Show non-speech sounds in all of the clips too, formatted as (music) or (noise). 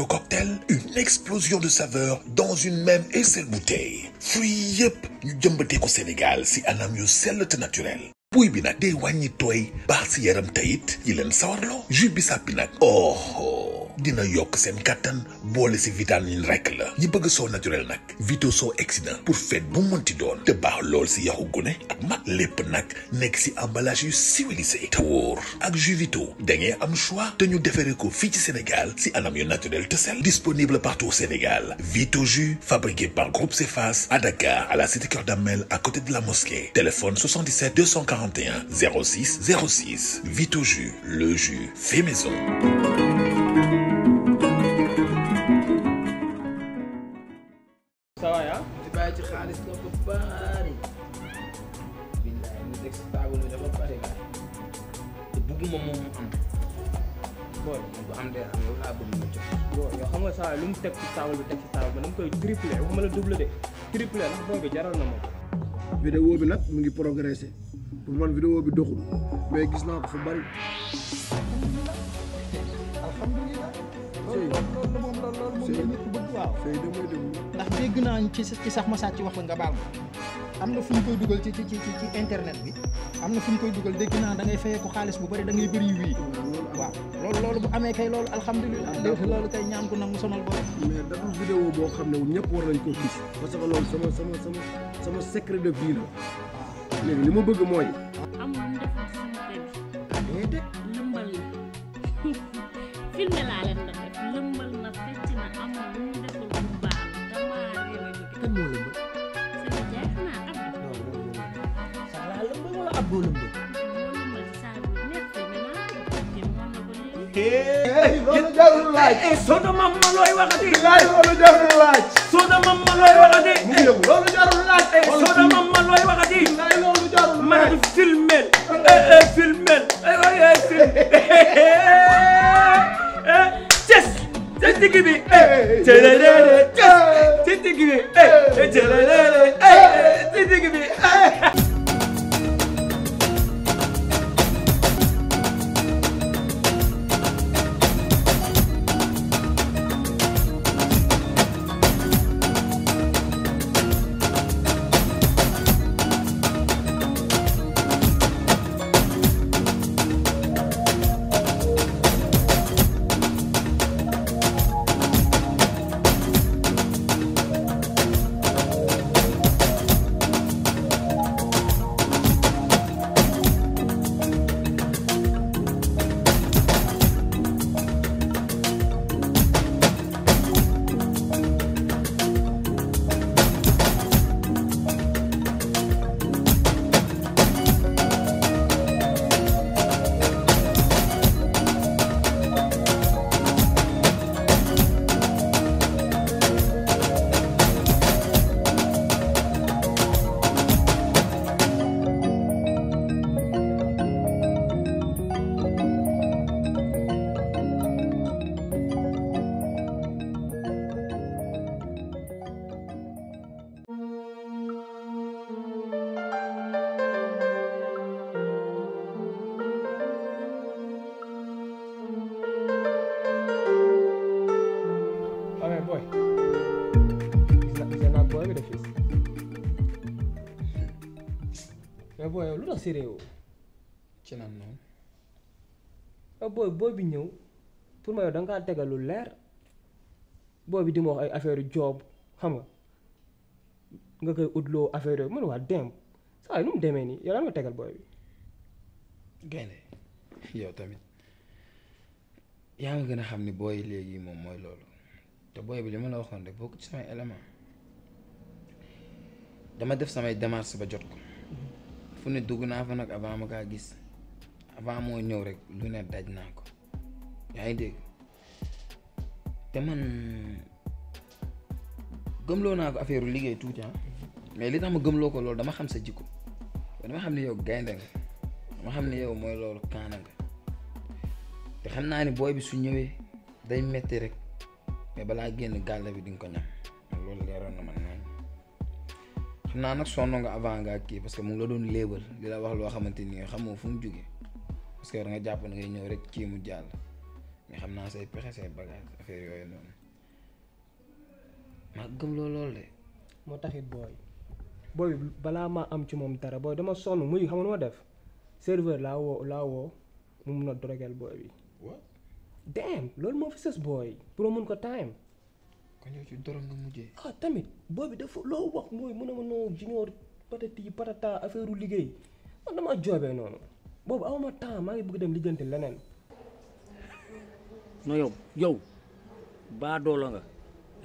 Cocktail, une explosion de saveurs dans une même et seule bouteille Fuyep, yep, sommes ñu jëmbatee ko Sénégal si anam yo sell naturel buy bi nag day wàññi tooy baax si yaram tayit yi bi oh. oh dina yok sen katan bolé si vitamine rek la ñi bëgg so naturel nak vito soo accident pour fête bu monti doon te baax lool si yaxu gune ak ma lépp nak emballage civilisé Tour. ak jus vito da am choix te ñu déféré ko fi ci Sénégal si anam yu naturel te sel disponible partout au Sénégal vito jus fabriqué par Groupe Cefas à Dakar à la cité cœur Damel à côté de la mosquée téléphone 77 241 06 06 vito jus le jus fait maison bi nag mu ngi progressé pour man vidéo bi doxul mais gis naa ko fa bari ndax dégg naa ci ci sax ma sàcc wax la nga baal ma am na fu ñu koy dugal ci ci ci ci internet bi am na fu ñu koy dugal dégg naa da ngay fayee ko xaalis bu bëri da ngay bëri wii waaw loolu loolu bu amee kay loolu alhamdulilah loolu kay ñaan ko nangu sonal borom mais dafa vidéo boo xam ne ñëpp war nañ ko gis parce que loolu sama sama sama sama secret de vie léegi li ma bëgg mooy loolu jarul laaj soda mam ma looy waxati laaj loolu jarul laaj soda mam ma looy waxati loolu jarul laaj soda mam ma looy waxati laaj loolu jarul laaj man filmel filmel ay waay ay film ces ca digg bi ca digg bi ca digg bi si réew ci nan noonu. Ah, booy booy bi ñëw pour ma yow da nga leer booy bi di ma wax ay affaire joobu xam nga nga koy utloo affaire yooyu man waa dem saa yi nu mu demee nii tegal booy bi. tamit yaa nga gën a xam ni booy léegi moom mooy loolu te booy bi li ma la waxoon rek bokk ci samay élément dama def samay démarche ba jot ko. Mm-hmm. fu ne dugg naa fa nag avant ma kaa gis avant moo ñëw rek lu ne daj naa ko yaa ngi dégg te man gëmloo naa ko affaire liggéey tuuti ah mais li tax ma gëmloo ko loolu dama xam sa jikko dama xam ne yow gaynde nga dama xam ne yow mooy loolu kaana nga te xam naa ni booy bi su ñëwee day metti rek mais balaa génn gàll bi di nga ko ñam loolu leeroon na man xam naa nag sonn nga avant nga kii parce que mu ngi la doon léebal di la wax loo xamante ni xamoo fu mu jógee parce nga jàpp ne ngay ñëw rek kii mu jàll mais xam naa say pexe say bagage affaire yooyu noonu maa gëm loolu loolu de. moo taxit booy booy balaa maa am ci moom dara booy dama sonn muy xam nga def serveur laa woo laa woo mu mun a dorogeel booy bi. waaw. damn loolu moo fi sës booy pour mun ko time kon yow ci doro nga mujjee. ah tamit boobi dafa loo wax mooy mu ne ma non junior patati patata affaire u liggéey man damaa joobee noonu boobu awma temps maa ngi bëgg dem lijjanti leneen. non yow yow baa doolo nga.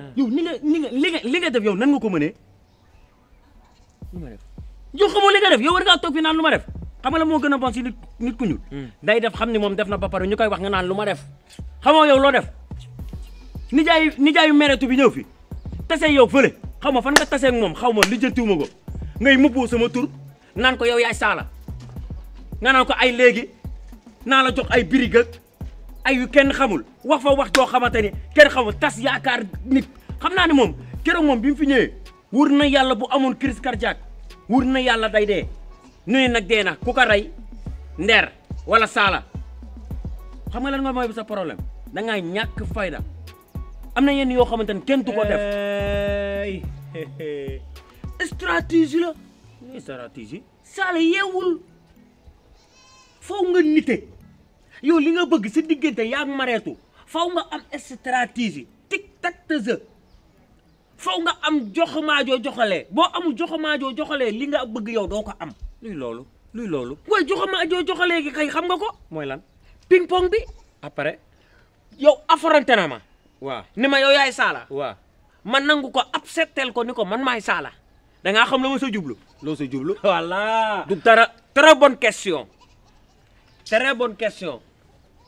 Ah. yow ni nga li nga li nga def yow nan nga ko mënee. lu ma def yow xamoo li nga def yow war ngaa toog fi naan lu ma def xam nga la moo gën a bon si nit ku ñuul. Hmm. day def xam ni moom def na ba pare ñu koy wax nga naan lu ma def xamoo yow loo def. nijaayu nijaayu meretu bi ñëw fi tase yow fële xaw ma fan nga tase ak moom xaw ma lijjantiwuma ko ngay mubboo sama tur naan ko yow yaay saala nga naan ko ay léegi naa la jox ay birigëg ay yu kenn xamul wax fa wax joo xamante ni kenn xamul tas yaakaar nit xam naa ne moom keroog moom bi fi ñëwee wur na yàlla bu amoon crise cardiaque wur na yàlla day dee nu ne nag dee na ku ko rey ndeer wala saala xam nga lan nga mooy bu sa problème da ngaa ñàkk fayda am na yenn yoo xamante ne kenn du ko def. stratégie la. stratégie. Saala yeewul faw nga nite yow li nga bëgg si diggante yaa ngi mareetu faw nga am stratégie tic tac te je faw nga am joxamaajoo joxalee boo amul joxamaajoo joxalee li nga bëgg yow doo ko am. luy loolu luy loolu. waaye joxamaajoo joxalee gi kay xam nga ko. mooy lan ping pong bi. après yow affronté na ma. waaw ni ma yow ay saala. waaw ma nangu ko acceptel ko ni ko man maay saala. da ngaa xam la ma sa jublu. loo sa jublu. voilà du dara. très question. très bon question.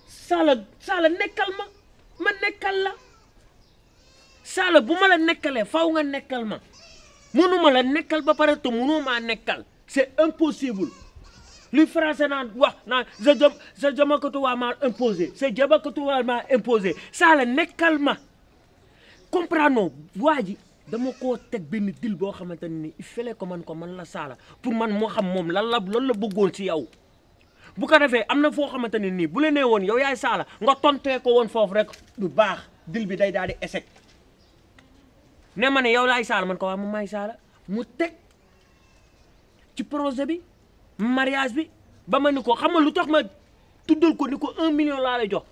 saala saala nekkal ma ma nekkal la saala bu ma la nekkalee faw nga nekkal ma mënuma la nekkal ba pare te mënoo maa nekkal c'est impossible. Lui français n'a wa na je je ma imposé c'est jëm ko tu ma imposé ça la nekkal comprends non? vais dama ko te ben dil bo xamanteni il fallait man ko man la sala pour man mo xam mom la la la ci bu ko amna fo xamanteni ni bu la newone yaay sala nga ko rek du bax dil bi day ne ma yow sala man ko wa mo may sala mu projet mariage bi ba ma ni ko xam nga lu tax ma tuddal ko ni ko un million laa lay jox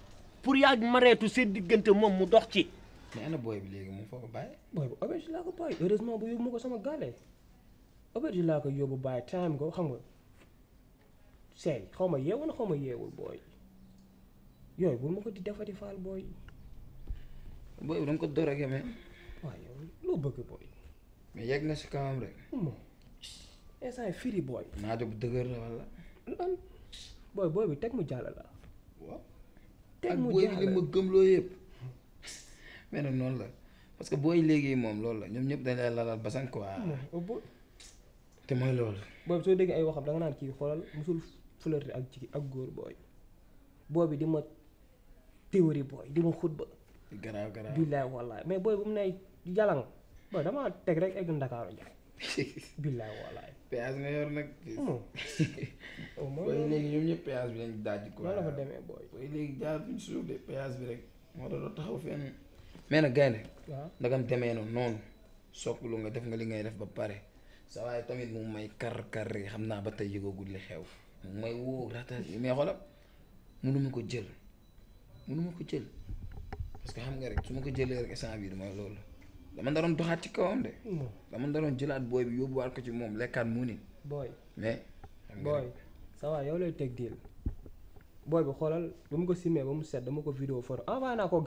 pour yàgg mareetu seen diggante moom mu dox ci. mais ana booy bi léegi moom foo ko bàyyi. booy bi auberge laa ko bàyyi bu yóbbu ma ko sama gàllay auberge ko yóbbu bàyyi time ko xam nga seey xaw ma yeewul xaw ma yeewul booy yooyu bu ma ko di defati faal booy. booy bi da ko door a gëmee. yow loo bëgg booy. mais yegg na si kawam rek. instant firi booy. naajo bu dëgër la wala. lan booy booy bi teg mu jàll la. teg mu jàll (laughs) noonu la parce que booy léegi moom loolu la ñoom ñëpp dañ lay lalal basan quoi. te mooy loolu. booy bi soo déggee ay waxam da nga naan kii xoolal musul flirter ak jigéen ak góor booy. booy bi di ma théorie booy di ma xutba. garaaw garaaw billaay wallaay mais booy bu mu ne jalang booy damaa teg rek egg Ndakaaru njaay (laughs) billaay wallaay. péage nga yor nag. Hmm. (laughs) au moins bi lañ daaj. ko loolu la fa demee booy. booy bi rek moo tax doo taxaw fenn. mais nag gaynde. waaw ndagam demee na noonu. sooglu nga def nga li ngay def ba pare. sa waaye tamit mu may kar kar yi xam naa ba tey yëgagul li xew. mu may woo rata mais xoolal mënuma ko jël mënuma ko jël parce que xam nga rek su ma ko jëlee rek instant bii mooy loolu. dama daroon doxaat ci kawam de. dama naroon jëlaat booy bi yóbbuwaat ko ci moom lekkaat mu ni. booy mais. booy yow lay teg diil bi xoolal ba mu ko simee mu set dama ko vidéo for envoyé naa ko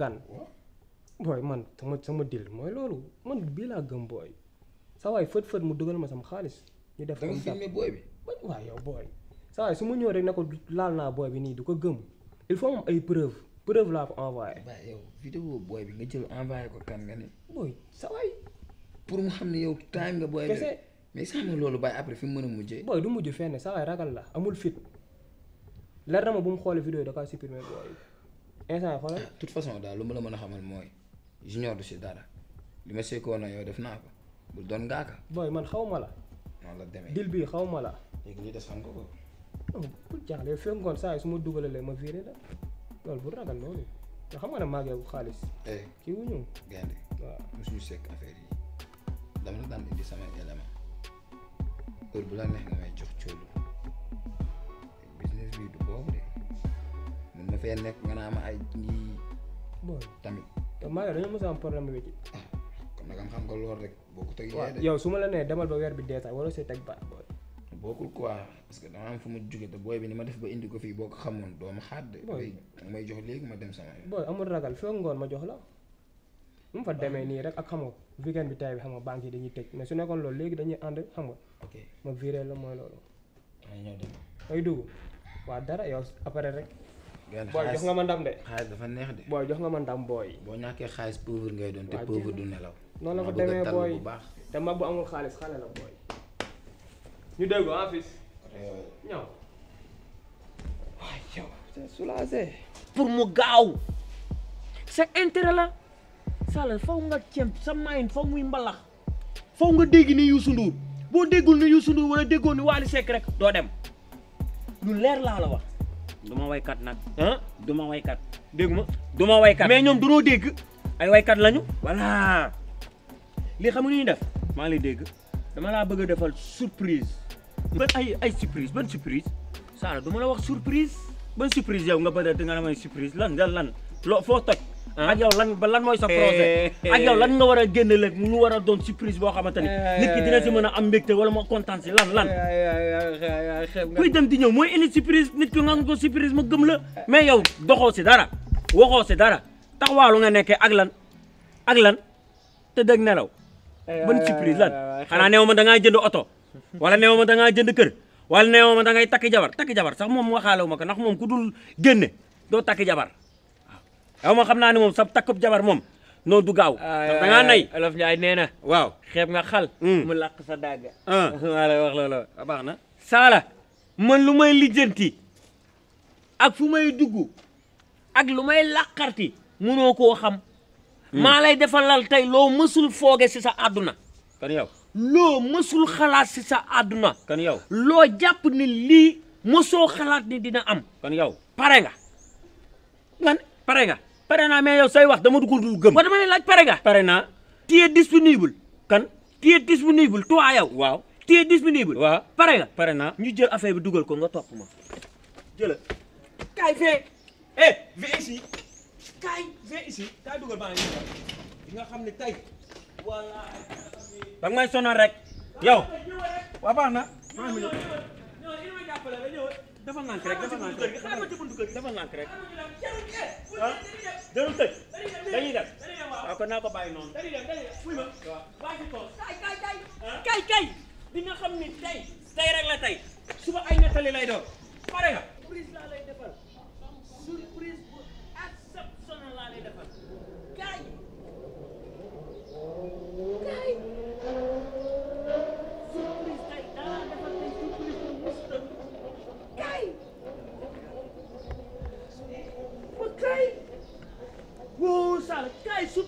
sama sama mooy loolu man bii laa sa waay fët fët mu dugal ma sama xaalis. ñu def comme ça booy bi. waaw yow booy. sa waay su ma ñëw rek ne ko laal naa booy bi nii du ko gëm il faut moom ay preuve preuve laa ko envoyé. waaye yow vidéo booy bi nga jël envoyé ko kan nga ne. booy sa pour mu xam ne yow time nga booy. kese mais sax loolu bàyyi après fi mën a mujjee. booy du mujj fenn sa ragal la amul fit leer na ma bu mu xoolee vidéo yi da kaa supprimé booy bi instant yii xoolal. Ah, façon daal lu ma la mën a xamal mooy junior du dara li ma seekoo na yow def naa ko bul doon ngaaka. booy man xaw ma la. noonu la demee dil bii xaw ma la. léegi lii des xam nga ko. bu jaaxle fekk ngoon saa yi su ma dugalee ma viré la. loolu bu ragal loolu te xam nga ne maag yow xaalis. Eh. kii wu ñu. gaynde waaw mosuñu sekk affaire yi dama la daan indi sama élément heure bu la neex nga may jox cóolu business bi du boobu fee nekk nga naa ma ay ngi tamit. te maa ngi dañoo mos a am problème ah, kon nag am xam nga loolu rek boo ko teg. yow su ma la nee demal ba weer bi dee sax waroo see teg baax booy. bokkul quoi parce que dama am fu mu jóge te booy bi ni ma def ba indi ko fii boo ko xamoon doo ma xaar de. booy may jox léegi ma dem sama yoon. booy amul ragal fii ngoon ma jox la. mu fa demee nii rek ak xam nga weekend bi tay bi xam nga banque yi dañuy tëj mais su nekkoon loolu léegi dañuy ànd xam nga. ok ma viré la mooy loolu. maa ngi ñëw dem. ay waa dara yow après rek. booy jox nga ma ndam de. dafa neex de. booy jox nga ma ndam booy. boo ñàkkee xaalis pauvre ngay doon te pauvre du nelaw. noonu la fa demee booy te mag bu amul xaalis xale la booy ñu déggoo ah eh, pour mu gaaw. sa intérêt la. Sall faw nga ceeb sa mayin faw muy mbalax. faw nga dégg ni Youssou Ndour boo déggul ni Youssou Ndour wala déggoo ni Wally Seck rek doo dem. lu leer laa la wax. du ma waykat nag. ah du waykat. dégg ma du ma waykat. mais ñoom dunoo dégg. ay waykat lañu. voilà li xam nga ñuy def. maa ngi dégg dama laa bëgg a defal surprise. ban ay ay surprise ban surprise Saara du ma la wax surprise ban surprise yow nga na a nga may surprise lan lan lan loo foo toj. ak yow lan ba lan mooy sa projet ak yow lan nga war a génne lépp mu war a doon surprise boo xamante ni nit ki si mën a am mbégte wala moo kontaan si lan lan kuy dem di ñëw mooy indi surprise nit ki nga ko surprise ma gëm la mais yow doxoo si dara waxoo si dara waalu nga nekkee ak lan ak lan te dëgg nelaw ban surprise lan xanaa neew ma da ngaa jënd oto wala neew ma da ngaa jënd kër wala neew ma da ngay takki jabar takki jabar sax moom waxaale wu ma ko nax moom ku dul génne doo takki jabar waaw ma xam naa ne moom sab takkub jabar moom noo du gaaw. da ngaa nee na. waaw xeeb nga xal. Hmm. mu sa dàgga. Ah. (laughs) Ah, na. saala man lu may lijjanti ak fu may dugg ak lu may làqarti mënoo koo xam. Hmm. maa lay defalal tey loo mësul fooge si sa àdduna. lo musul khalat ci sa aduna kan yow lo japp ni li muso khalat ni dina am kan yow paré nga lan paré nga paré na mais yow say wax dama dugul du gem wa dama ni laj paré nga paré na tu es disponible kan tu es disponible toi yow waaw tu es disponible waaw paré nga paré na ñu jël affaire bi dugal ko nga top ma jël kay fé eh vé ici kay vé ici kay dugal ba nga xam tay danga may sonal rek yow waa baax na dafa nànk rek dafa nànk rek dafa nànk rek ah jarul tëj dañuy def waaw ah, kon naa ko bàyyi noonu ah. kay kay bi ah. nga xam ni tey tey rek la tey suba ay nettali lay doon pare nga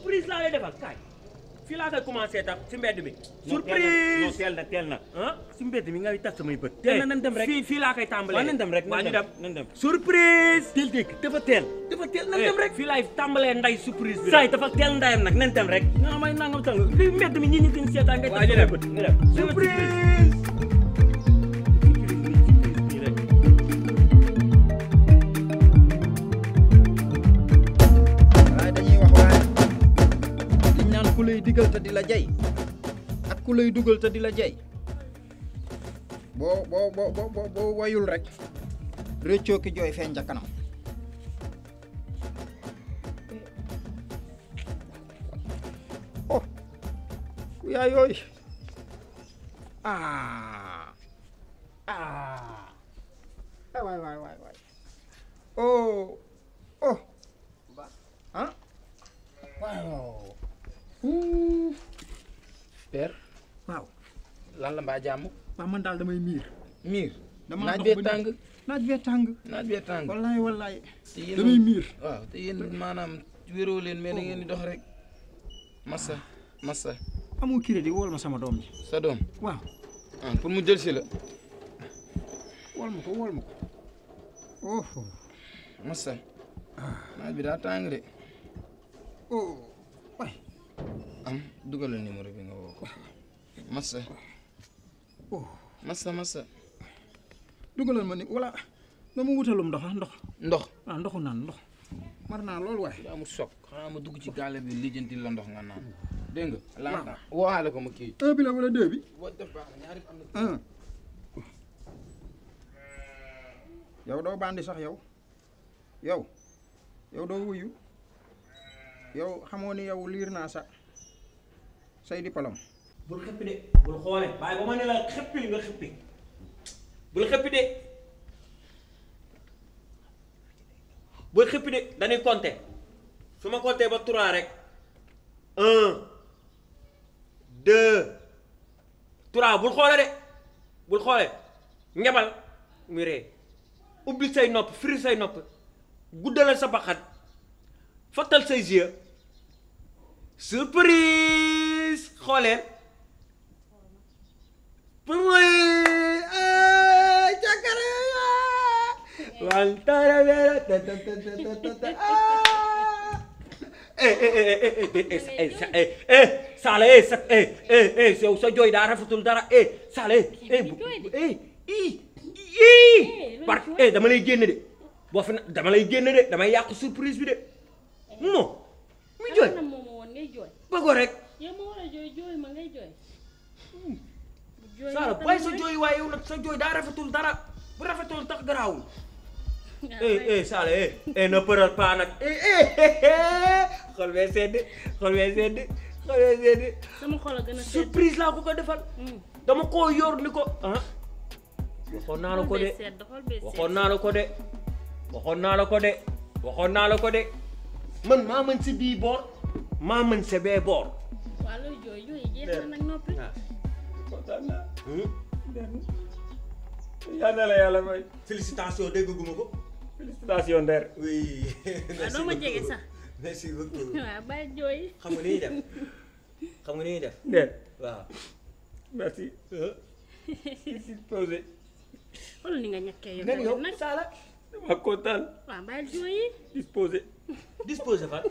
surprise laa lay defal kaay fii laa koy commencé tax si surprise non teel na teel na ah si mbedd mi ngay tas samay bët. tey eh, nan dem rek fii fii laa dem rek dem dem. surprise. teel dégg dafa teel. dafa teel nan eh, dem rek. nday surprise bi. saa dafa teel ndayam nag nan dem rek. non may nangam tàng li mbedd mi ñi surprise. di la jay ak ku lay dugal te di la jay boo boo boo boo wayul rek réccoo ki jooy feeñ ca kanam oh ku yaa yooyu ah, ah. oh oh père hmm. waaw lan la mbaa jàmm waaw man daal damay miir miir dama naaj bee tàng naaj bee tàng naaj bee tàng wallaay wallaay te yéen damay miir waaw te yéen maanaam wéroo leen mais ngeen di dox rek massa massa amoo crédit ma sama doom ji sa doom waaw ah pour mu jël si la ma ko ma ko oh massa naaj bi daa tàng de oh am dugalal numéro bi nga woo ko massa oh. massa massa dugalal ma ni wala nga ma wutalum ndox ah, ndox ndox ah ndoxu naan ndox mar naa loolu waaye daa mu soog xanaa ma dugg ci gaale bi lijjanti la ndox nga naan dégg nga ko ma kii un bi wala deux bi un yow doo bandi sax yow yow yow doo wuyu yow xamoo ni yow liir naa sa say diplôme. bul xëppi de bul xoole waaye ba ma ne la xëppil nga xëppi bul xëppi de bul xëppi su ma compter ba trois rek un deux trois bul xoole de bul xoole ñebal ubbi say nopp firi say nopp guddalal sa baxat fattal say yeux surprise xooleen saala e sa sow sa jooy daa rafetul dara e saala par dama lay génn de boo fi na dama lay génn de damay yàq surprise bi de non mu jooy bëggoo rek. yow hmm. ma sa jooy waaye yow sa jooy daa rafetul dara bu rafetul tax garaawul. (laughs) eh eh Sala eh eh ne përal pas nag eh eh xol bee sedd xol bee sedd xol bee sedd. surprise laa ko ko defal. dama koo yor ni ko ah. naa la ko de waxoon naa la ko de waxoon naa ko de naa la ko de man maa mën si bii boor. mamen sebe bor walu joju ije nak nopi kotana hmm ben yalla la yalla may félicitation degguma ko félicitation der oui ano ma jégué sax merci beaucoup (laughs) wa ba joy xam nga ni def xam nga ni def der wa merci c'est posé wala ni nga ñaké yow nak nak sala ma kontan wa ba joy disposé disposé fa (laughs)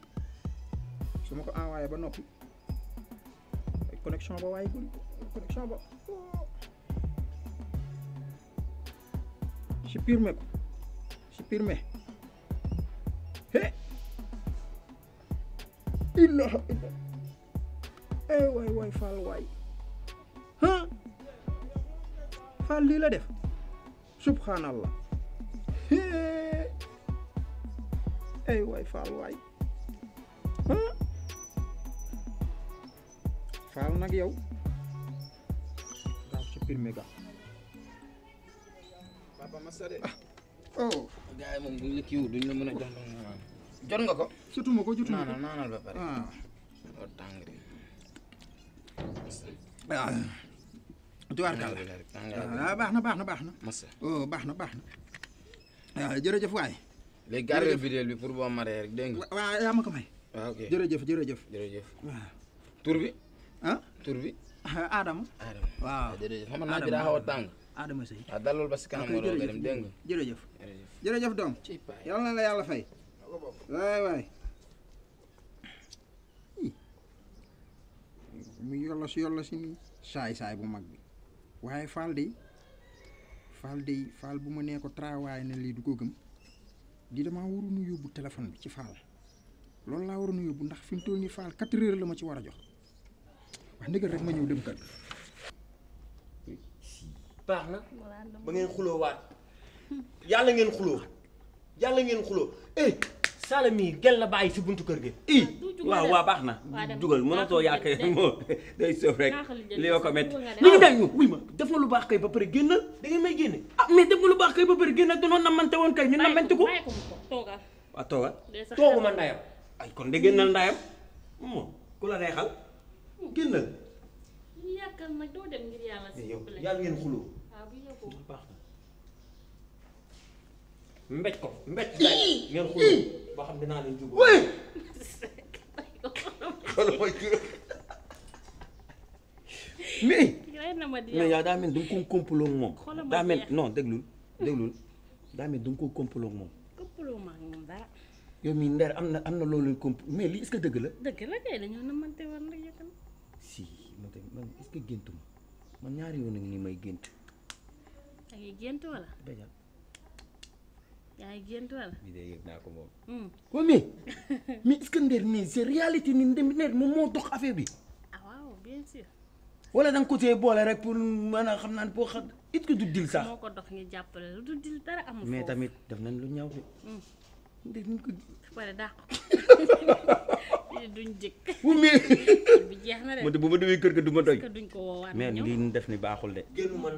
su ma ko envoyé ba noppi connexion ba waaye gul connexion ba supprimer ko supprimer he illaha illa eh waay waay Fall waay ah Fall lii la def subhanallah eh waay Fall yow nag yow daa supprimer ga papa masa ah. de oh gars yi moom buñ la kiiwu duñ la mën a jox jot nga ko jotuma ko jotuma ko naanal ba pare ah. o tàng ah. tubaarkàlla waaw baax na baax na baax na oh baax na baax na waaw jërëjëf waay léegi gardé vidéo bi pour boo maree rek dégg nga waaw yaa ma ko may waaw ok jërëjëf jërëjëf jërëjëf waaw tur bi Adam, adam adam Adam, Adam, waaw Adam, xam Adam, Adam, Adam, xaw Adam, adam Adam, Adam, Adam, Adam, ba Adam, kanam Adam, Adam, dem Adam, Adam, Adam, Adam, Adam, Adam, na la Adam, fay Adam, Adam, Adam, Adam, si Adam, si Adam, Adam, Adam, bu mag bi Adam, Adam, Adam, Adam, Adam, Adam, bu Adam, Adam, ko travail Adam, Adam, du ko Adam, di Adam, Adam, Adam, Adam, téléphone bi ci Fall loolu laa waroon a yóbbu ndax heures la ma ci jox wax ndigal rek ma ñëw dem kër. baax na ba ngeen xuloo waat yàlla ngeen xuloo yàlla ngeen xuloo eh Saalum yi gel la bàyyi si buntu kër gi. i ah, eh, waaw waa baax na. dugal mënatoo yàq (laughs) moo day soof rek li yoo ko métti. ñu ngi day ñu wuy ma def nga lu baax kay ba pare génnal da ngeen may génne. ah mais def nga lu baax kay ba pare génnal danoon namante woon kay ñu namante ko. toogal waaw toogal. tooguma ndayam ay kon de génnal ndayam moom ku la génnal. ñu yàkkal nag doo dem ngir yàlla. si yow yàlla ngeen xuloo. waaw ah, ko mbéj. (laughs) mais. mais yow daa mel da nga ko kompaloo ak moom. daa non déglul déglul daa mel ni da nga ko kompaloo moom. kompaloo ma ak moom dara. yow mii Nder am na am na loolu comp mais lii est-ce dëgg la. dëgg la kay dañoo namante woon rek xamante ni man est-ce que géntuma man ñaari yoon nag nii may gént. da ngay gént wala. dëgg la. yaa ngi gént wala. bii de yëg naa ko moom. moom oh, nii c'est réalité ni ndeer moom moo dox affaire bi. ah waaw da ko see boole rek pour mën a xam naan boo xam it ko du dil sax. moo ko dox ñu jàppale lu du dil dara amul. mais tamit def nañ lu ñaaw fi. Hmm. ndeer ñu ko. wala daa (laughs) duñ jëkk wummi bi jeex na de bu ma demee kër ga du ma doy duñ ko woowaat mais lii def ni baaxul de génn ma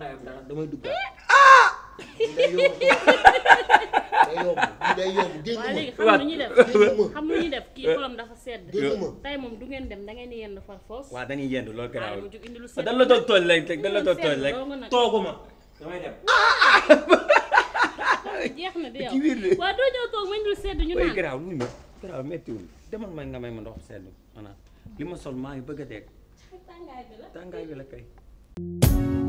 damay dugg eh! ah day yomb (laughs) day yomb génn ma léegi xam nu ñu def kii eh. xolam dafa sedd tey moom du ngeen dem da ngeen di yend far foos waaw dañuy yend loolu garaawul dañ la doon tooñ rek dañ la doon tooñ rek tooguma damay dem ah! (laughs) jeex na de yow doo ñëw toog sedd ñu naan garaaw lu ma garaaw méttiwul demal may nga may ma ndox sedd maanaam li ma sol maa ngi bëgg a dekk tàngaay bi la kay